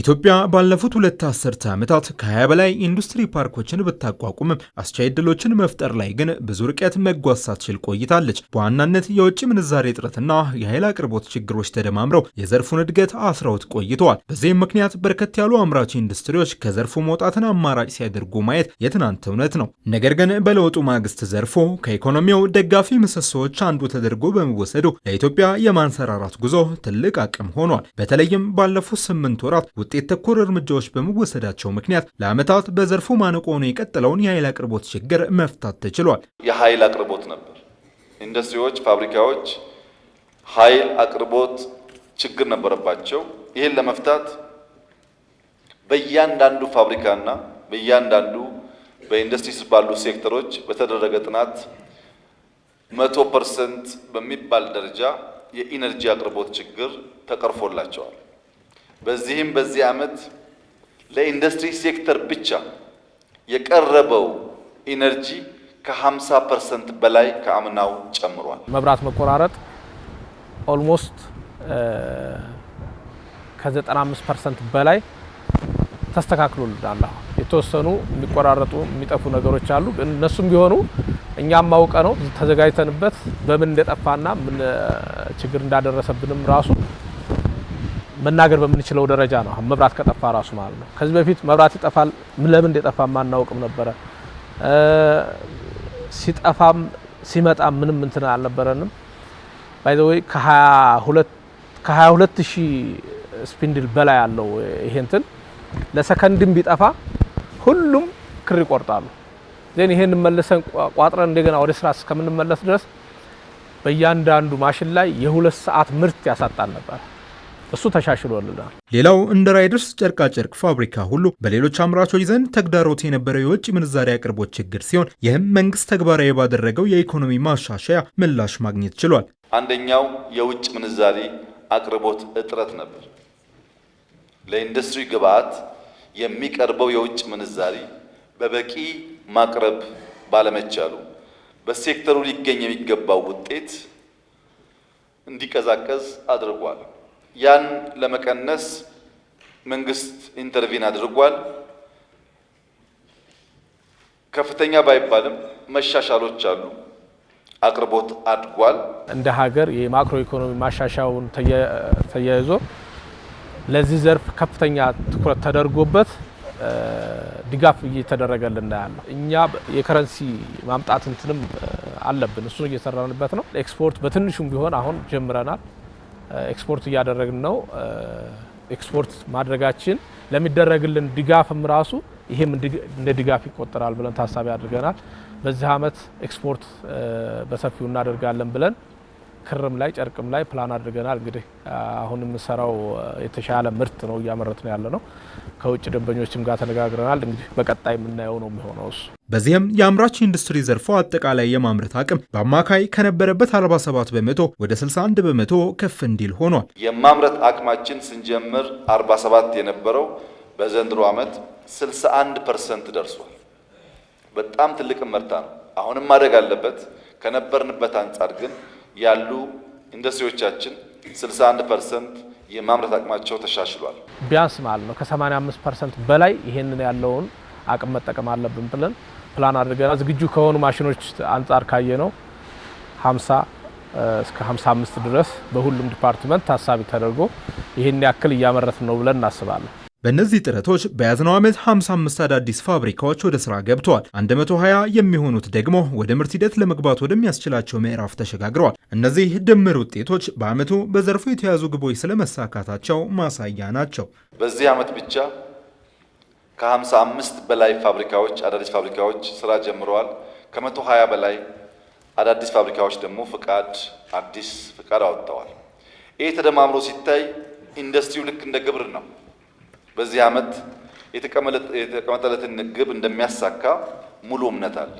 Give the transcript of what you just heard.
ኢትዮጵያ ባለፉት ሁለት አስርተ ዓመታት ከ20 በላይ ኢንዱስትሪ ፓርኮችን ብታቋቁም አስቻይ ዕድሎችን መፍጠር ላይ ግን ብዙ ርቀት መጓዝ ሳትችል ቆይታለች። በዋናነት የውጭ ምንዛሬ እጥረትና የኃይል አቅርቦት ችግሮች ተደማምረው የዘርፉን እድገት አስረውት ቆይተዋል። በዚህም ምክንያት በርከት ያሉ አምራች ኢንዱስትሪዎች ከዘርፉ መውጣትን አማራጭ ሲያደርጉ ማየት የትናንት እውነት ነው። ነገር ግን በለውጡ ማግስት ዘርፎ ከኢኮኖሚው ደጋፊ ምሰሶዎች አንዱ ተደርጎ በመወሰዱ ለኢትዮጵያ የማንሰራራት ጉዞ ትልቅ አቅም ሆኗል። በተለይም ባለፉት ስምንት ወራት ውጤት ተኮር እርምጃዎች በመወሰዳቸው ምክንያት ለዓመታት በዘርፉ ማነቆ ሆኖ የቀጠለውን የኃይል አቅርቦት ችግር መፍታት ተችሏል። የኃይል አቅርቦት ነበር። ኢንዱስትሪዎች፣ ፋብሪካዎች ኃይል አቅርቦት ችግር ነበረባቸው። ይህን ለመፍታት በእያንዳንዱ ፋብሪካና በእያንዳንዱ በኢንዱስትሪ ስር ባሉ ሴክተሮች በተደረገ ጥናት መቶ ፐርሰንት በሚባል ደረጃ የኢነርጂ አቅርቦት ችግር ተቀርፎላቸዋል። በዚህም በዚህ ዓመት ለኢንዱስትሪ ሴክተር ብቻ የቀረበው ኢነርጂ ከ50 ፐርሰንት በላይ ከአምናው ጨምሯል። መብራት መቆራረጥ ኦልሞስት ከ95 ፐርሰንት በላይ ተስተካክሎልናል። የተወሰኑ የሚቆራረጡ የሚጠፉ ነገሮች አሉ። እነሱም ቢሆኑ እኛም ማውቀ ነው ተዘጋጅተንበት በምን እንደጠፋና ምን ችግር እንዳደረሰብንም ራሱ መናገር በምንችለው ደረጃ ነው። መብራት ከጠፋ ራሱ ማለት ነው። ከዚህ በፊት መብራት ይጠፋል፣ ለምን እንደጠፋ ማናውቅም ነበረ። ሲጠፋም ሲመጣም ምንም እንትን አልነበረንም። ባይ ዘ ወይ ከ22 ሺህ ስፒንድል በላይ ያለው ይሄ እንትን ለሰከንድም ቢጠፋ ሁሉም ክር ይቆርጣሉ። ዜን ይሄን መልሰን ቋጥረን እንደገና ወደ ስራ እስከምንመለስ ድረስ በእያንዳንዱ ማሽን ላይ የሁለት ሰዓት ምርት ያሳጣል ነበር። እሱ ተሻሽሎልናል። ሌላው እንደ ራይደርስ ጨርቃጨርቅ ፋብሪካ ሁሉ በሌሎች አምራቾች ዘንድ ተግዳሮት የነበረው የውጭ ምንዛሪ አቅርቦት ችግር ሲሆን ይህም መንግስት ተግባራዊ ባደረገው የኢኮኖሚ ማሻሻያ ምላሽ ማግኘት ችሏል። አንደኛው የውጭ ምንዛሪ አቅርቦት እጥረት ነበር። ለኢንዱስትሪ ግብዓት የሚቀርበው የውጭ ምንዛሪ በበቂ ማቅረብ ባለመቻሉ በሴክተሩ ሊገኝ የሚገባው ውጤት እንዲቀዛቀዝ አድርጓል። ያን ለመቀነስ መንግስት ኢንተርቪን አድርጓል። ከፍተኛ ባይባልም መሻሻሎች አሉ። አቅርቦት አድጓል። እንደ ሀገር የማክሮ ኢኮኖሚ ማሻሻውን ተያይዞ ለዚህ ዘርፍ ከፍተኛ ትኩረት ተደርጎበት ድጋፍ እየተደረገልን ያለው እኛ የከረንሲ ማምጣት እንትንም አለብን። እሱ እየሰራንበት ነው። ኤክስፖርት በትንሹም ቢሆን አሁን ጀምረናል። ኤክስፖርት እያደረግን ነው። ኤክስፖርት ማድረጋችን ለሚደረግልን ድጋፍም ራሱ ይሄም እንደ ድጋፍ ይቆጠራል ብለን ታሳቢ አድርገናል። በዚህ አመት ኤክስፖርት በሰፊው እናደርጋለን ብለን ክርም ላይ ጨርቅም ላይ ፕላን አድርገናል። እንግዲህ አሁን የምንሰራው የተሻለ ምርት ነው እያመረት ነው ያለ ነው። ከውጭ ደንበኞችም ጋር ተነጋግረናል። እንግዲህ በቀጣይ የምናየው ነው የሚሆነው እሱ። በዚህም የአምራች ኢንዱስትሪ ዘርፎ አጠቃላይ የማምረት አቅም በአማካይ ከነበረበት 47 በመቶ ወደ 61 በመቶ ከፍ እንዲል ሆኗል። የማምረት አቅማችን ስንጀምር 47 የነበረው በዘንድሮ ዓመት 61 ፐርሰንት ደርሷል። በጣም ትልቅ መርታ ነው። አሁንም ማደግ አለበት ከነበርንበት አንጻር ግን ያሉ ኢንዱስትሪዎቻችን 61 ፐርሰንት የማምረት አቅማቸው ተሻሽሏል። ቢያንስ ማለት ነው ከ85 ፐርሰንት በላይ ይሄንን ያለውን አቅም መጠቀም አለብን ብለን ፕላን አድርገናል። ዝግጁ ከሆኑ ማሽኖች አንጻር ካየ ነው 50 እስከ 55 ድረስ በሁሉም ዲፓርትመንት ታሳቢ ተደርጎ ይህን ያክል እያመረት ነው ብለን እናስባለን። በእነዚህ ጥረቶች በያዝነው ዓመት 55 አዳዲስ ፋብሪካዎች ወደ ስራ ገብተዋል። 120 የሚሆኑት ደግሞ ወደ ምርት ሂደት ለመግባት ወደሚያስችላቸው ምዕራፍ ተሸጋግረዋል። እነዚህ ድምር ውጤቶች በዓመቱ በዘርፉ የተያዙ ግቦች ስለመሳካታቸው ማሳያ ናቸው። በዚህ ዓመት ብቻ ከ55 በላይ ፋብሪካዎች አዳዲስ ፋብሪካዎች ስራ ጀምረዋል። ከ120 በላይ አዳዲስ ፋብሪካዎች ደግሞ ፍቃድ አዲስ ፍቃድ አወጥተዋል። ይህ ተደማምሮ ሲታይ ኢንዱስትሪው ልክ እንደ ግብር ነው። በዚህ ዓመት የተቀመጠለትን ግብ እንደሚያሳካ ሙሉ እምነት አለ።